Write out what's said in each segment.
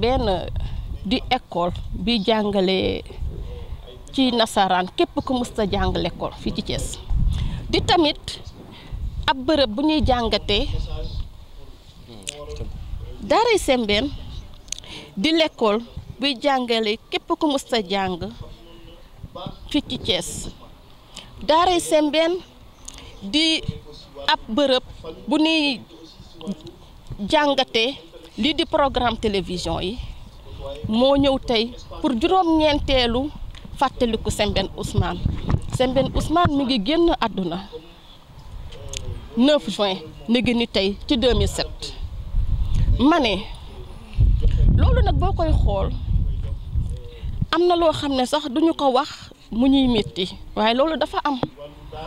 leen di école jàngale ci nasaraan képp ku a jàng l'école fii ci Thiès di tamit ab bërëb bu ñuy jàngatee di l'école buy jàngale képp ku mës jàng fii ci cees daaray Sembène di ab bërëb bu nuy jàngatee lii di programme télévision yi moo ñëw tey pour juróom-ñeenteelu fàttaliku Sembène usmaan Sembène usmaan mu ngi génn àdduna 9 juin tey ci 2007 ma ne loolu nag boo koy xool am na loo xam ne sax duñu ko wax mu ñuy metti waaye loolu dafa am.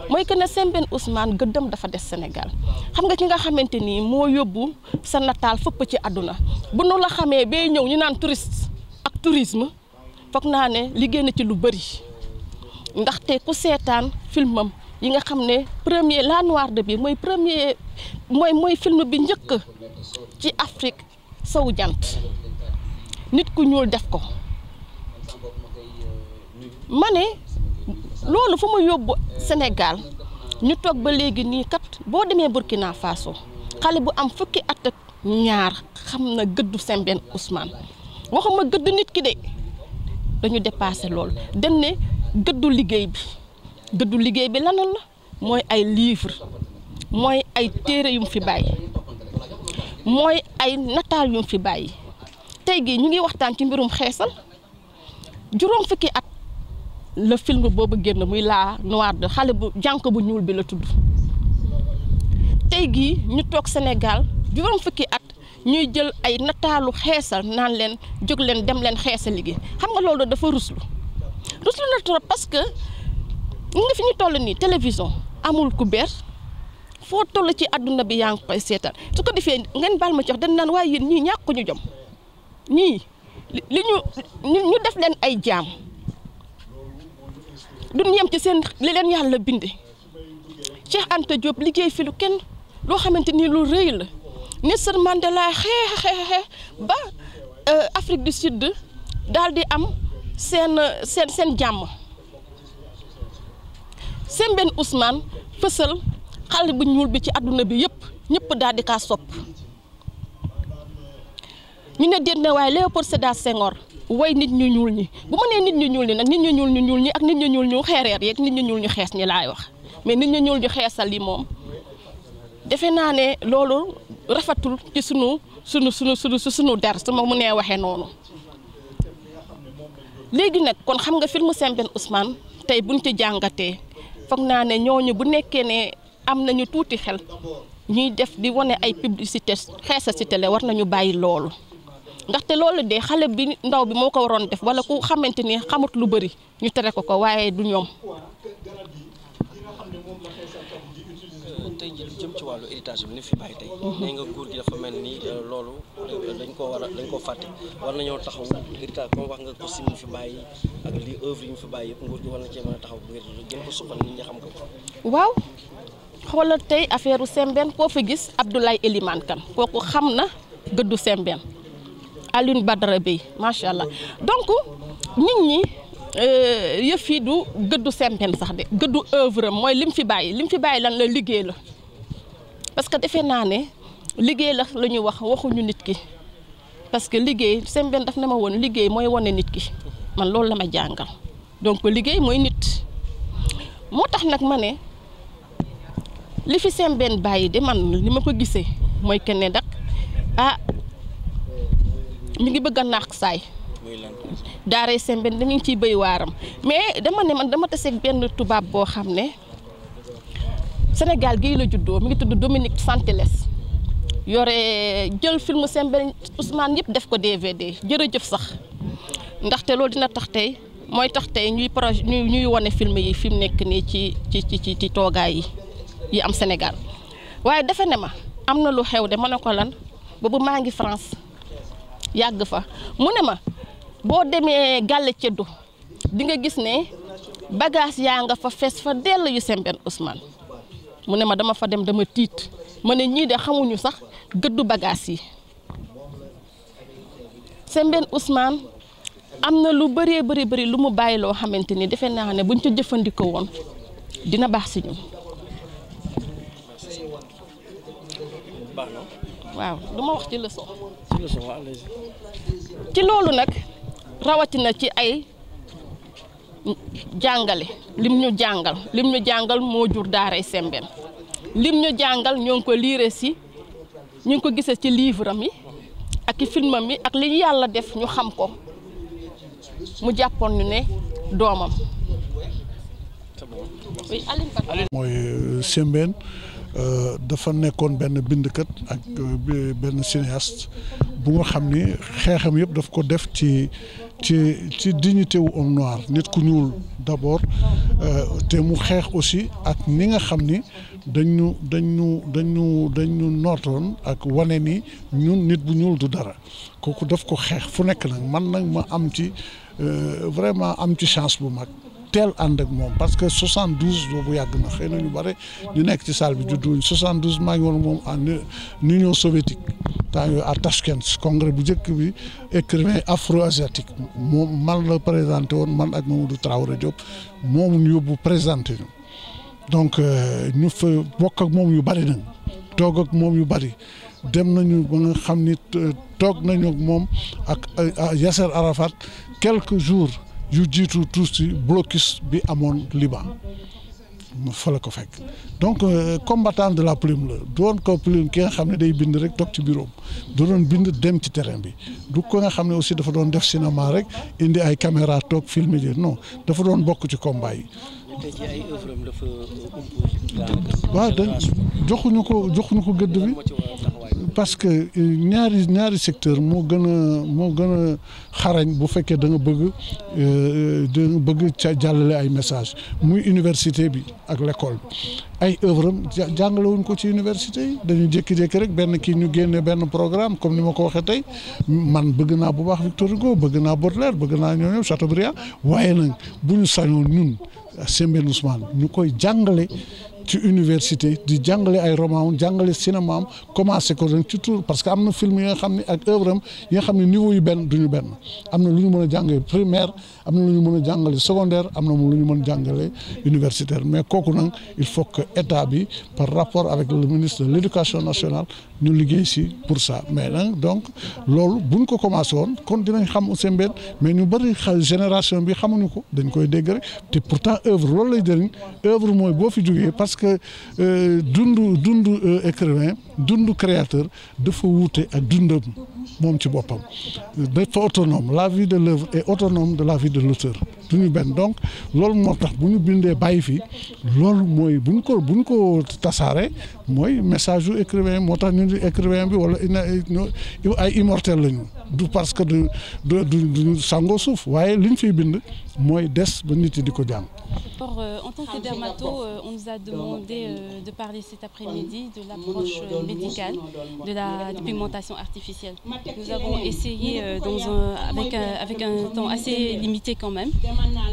mooy que ne Sembène Ousmane gëddam dafa des senegal xam nga ki nga xamante nii moo yóbbu sa nataal fëpp ci àdduna bu nu la xamee bay ñëw ñu naan touriste ak tourisme foog naa ne liggéey na ci lu bari ndaxte ku seetaan filmam yi nga xam ne premier la noir de biir mooy premier mooy mooy film bi njëkk ci Afrique sow jant nit ku ñuul def ko ma ne loolu fa ma yóbbu senegaal ñu toog ba léegi nii kat boo demee Burkina Faso xale bu am fukki at ak ñaar xam na gëddu Sembène Ousmane waxuma gëdd nit ki de dañu dépassé loolu dem ne gëddu liggéey bi gëddu liggéey bi lanal la mooy ay livre mooy ay téere yum fi bàyyi mooy ay nataal yum fi bàyyi tey gi ñu ngi waxtaan ci mbirum xeesal juróom fukki at le film boobu génn muy laa Noire de xale bu jànq bu ñuul bi la tudd tey gii ñu toog senegal juróom fukki at ñuy jël ay nataalu xeesal naan leen jóg leen dem leen xeesal liggéey xam nga loolu dafa ruslu ruslu na trop parce que fi ñu toll nii télévision amul ku ber foo toll ci àdduna bi yaa ngi koy seetaan su ko defee ngeen baal ma ci wax dañ naan waaye yéen ñii ñàkk ñu jom ñii li ñu ñu def leen ay jaam. duñ ci seen li leen yàlla bind Cheikh Anta Diop liggéey fi lu kenn loo xamante ni lu rëy la Nelson Mandela xeex xeex xeex ba euh, Afrique du Sud daal di am seen seen seen jàmm Sembène usmaan fësal xale bu ñuul bi ci àdduna bi yëpp ñëpp daal di kaa sopp ñu ne déet ne waaye Léopold Sédar Senghor way nit ñu ñuul ñi bu ma nit ñu ñuul ñi nag nit ñu ñuul ñu ñuul ñi ak nit ñu ñuul ñu xeereer yeeg nit ñu ñuul ñu xees ñi laay wax mais nit ñu ñuul ñu xeesal li moom defe naa ne loolu rafetul ci sunu sunu sunu sunu sunu der su ma mënee waxee noonu léegi nag kon xam nga film Sembène Ousmane tey buñ ci jàngatee foog naa ne ñooñu bu nekkee ne am nañu tuuti xel ñuy def di wane ay publicité xeesa ci télé war nañu bàyyi loolu ndaxte loolu de xale bi ndaw bi moo ko waroon def wala ku xamante ni xamut lu bari ñu tere ko ko waaye du ñoom. tey jëm ci wàllu héritage bi ni fi bàyyi tey. Mhm. dafa mel ni euh, loolu dañ koo war a dañ koo fàtte war nañoo taxaw héritage comme wax nga ko si mu fi bàyyi ak li œuvre yi mu fi bàyyi yëpp a taxaw ngir gën xam ko. waaw xoolal tey affaire u Sembène koo fa gis Abdoulaye Elimane Kane kooku xam na gëddu Sembène Alioune Badara Bey macha allah donc nit ñi euh, yëf yi du gëddu sempen sax de gëddu œuvre am mooy lim fi bàyyi lim fi bàyyi lan la liggéey la parce que defe naa ne liggéey la la ñuy wax waxuñu nit ki parce que liggéey sempen daf ne ma woon liggéey mooy wane nit ki man loolu la ma jàngal donc liggéey mooy nit moo tax nag ma ne li fi sempen bàyyi de man li ma ko gisee mooy kenn dak ah. mi ngi bëgg a naax saay daaray Sembène dañu ngi ciy béy waaram mais dama ne man dama taseeg benn tubaab boo xam ne Sénégal gi la juddoo mi ngi tudd Dominique Santeles yore jël film Sembène Ousmane yëpp def ko DVD jërëjëf sax ndaxte loolu dina tax tey mooy tax tey ñuy projet ñuy ñuy wane film yi fi nekk nii ci ci ci ci toogaay yi yi am Sénégal waaye defe ne ma am na lu xew de ma ne ko lan boobu maa ngi France. yàgg fa mu ne ma boo demee gàll ceddu di nga gis ne bagaas yaa nga fa fees fa dell yu Sembène Ousmane mu ne ma dama fa dem dama tiit ma ne ñii de xamuñu sax gëddu bagaas yi Sembène usmaan am na lu bëree bëri bëri lu mu bàyyi loo xamante ni defe naa ne buñ ca jëfandikoo woon dina baax si ñun waaw duma wax ci leçon ci loolu nag rawatina ci ay jàngale lim ñu jàngal lim ñu jàngal moo jur daaray Sembène lim ñu jàngal ñoo ko liire si ñu ko gisee ci livre mi ak filmam yi ak li ñu yàlla def ñu xam ko mu jàppoon ñu ne doomam. mooy euh, Sembène euh, dafa nekkoon benn bindkat ak euh, benn cinéaste. bu nga xam ni xeexam yëpp daf ko def ci ci ci dignité wu noir nit ku ñuul d'abord euh, te mu xeex aussi ak ni nga xam ni dañu dañu dañu dañu nootoon ak wane ni ñun nit bu ñuul du dara kooku daf ko xeex fu nekk nag man nag ma am ci euh, vraiment am ci chance bu mag teel ànd ak moom parce que 72 boobu yàgg na xëy na ñu bare ñu nekk ci salle bi juddu 72 maa ngi woon moom en Union soviétique temps yooyu à Tashkent congrès bu njëkk bi écrivain afro-asiatique moom man la présenté woon man ak Mamadou Traoré Diop moom ñu yóbbu présenté ñu donc euh, ñu fa bokk ak moom yu bari nañ toog ak moom yu bari dem nañu ba nga xam ni euh, toog nañu ak moom ak euh, Yasser Arafat quelque jours. yu jiitu tuuti blocus bi amoon Liban fa la ko fekk donc euh, combattant de la plum la doon ko plume ki nga xam ne day bind rek toog ci bureau du doon bind dem ci terrain bi du ko nga xam ne aussi dafa doon def cinéma rek indi ay caméra toog film ji non dafa doon bokk ci combat yi. waaw dañ joxuñu ko joxuñu ko gëdd bi. parce que euh, ñaari ñaari secteur moo gën a moo gën a xarañ bu fekkee da nga bëgg euh, da nga bëgg ca jàllale ay message muy université bi ak l'école ay œuvre am jàngale wuñ ko ci université yi dañu jékki-jékki rek benn kii ñu génne benn programme comme ni ma ko waxee tey man bëgg naa bu baax Victor Hugo bëgg naa Baudelaire bëgg naa ñooñu Chateaubriand waaye nag bu ñu sañoon ñun Sembène Ousmane ñu koy jàngale ci université di jàngale ay roman am jàngale cinéma parce que am na film yi nga xam ne am yi nga xam ne niveau yu benn duñu lu ñu mën a jàngale primaire lu ñu mën a jàngale secondaire am na lu ñu mën a jàngale universitaire mais kooku nag il faut que état bi par rapport avec le ministre de l'éducation nationale liggéey si pour ça mais nag donc loolu buñ ko commencé woon kon dinañ xam seen benn mais ñu bëri xel génération bi xamuñu ko dañ koy dégg te pourtant œuvre loolu lay jëriñ œuvre mooy boo fi jógee que euh, dundu dundu euh, écrivain dundu créateur dafa wuute ak dundam moom ci boppam dafa autonome la vie de l'œuvre est autonome de la vie de l'auteur du ñu benn donc loolu moo tax bu ñu bindee bàyyi fi loolu mooy bu ñu ko bu ñu ko tasaare mooy message yu écrivain moo tax ñu di écrivain bi wala ay immortel lañu du parce que du du du sangoo suuf waaye liñ fiy bind mooy des ba nit yi di ko jàmm Alors, euh, en tant que dermato, euh, on nous a demandé euh, de parler cet après-midi de l'approche euh, médicale de la pigmentation artificielle. Nous avons essayé, euh, avec, un, temps assez limité quand même,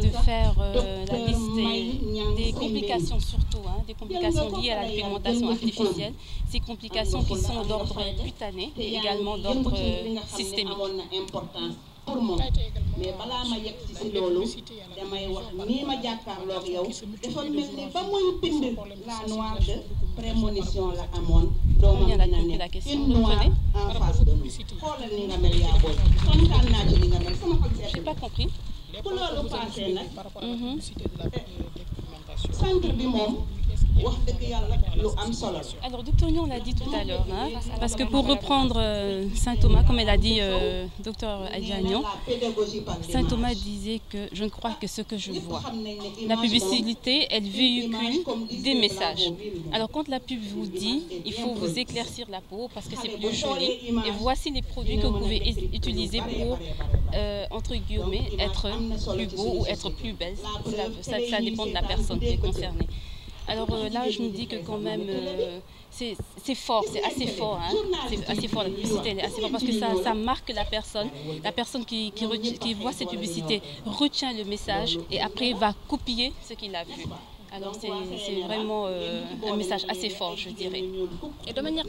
de faire euh, la liste des, des complications surtout, des complications liées à la pigmentation artificielle, ces complications qui sont d'ordre cutané et également d'ordre systémique. pour moom mais balaa ma yegg ci loolu damay wax nii ma jàkkaarloog yow ba muy bind la noire de prémonition la amoon doomam dina nekk une noire en face de nous xoolal ni nga mel yaa booy kontaan naa ci li nga mel sama xol seet bu loolu passé nag mhm. centre bi moom wax dëgg yàlla lu am solo alors docteur Niang l'a dit tout à l'heure parce que pour reprendre euh, saint Thomas comme elle a dit euh, docteur Adja Niang saint Thomas disait que je ne crois que ce que je vois la publicité elle véhicule des messages quand la pub vous dit il faut vous éclaircir la peau parce que c'est plus joli et voici les produits que vous pouvez utiliser pour euh, entre guillemets être plus beau ou être plus belle ça, dépend de la personne qui est concernée Alors euh, là, je me dis que quand même, euh, c'est fort, c'est assez fort. Hein. C'est assez fort, la publicité, elle est assez fort parce que ça, ça marque la personne. La personne qui, qui, qui voit cette publicité retient le message et après va copier ce qu'il a vu. Alors c'est vraiment euh, un message assez fort, je dirais. Et de manière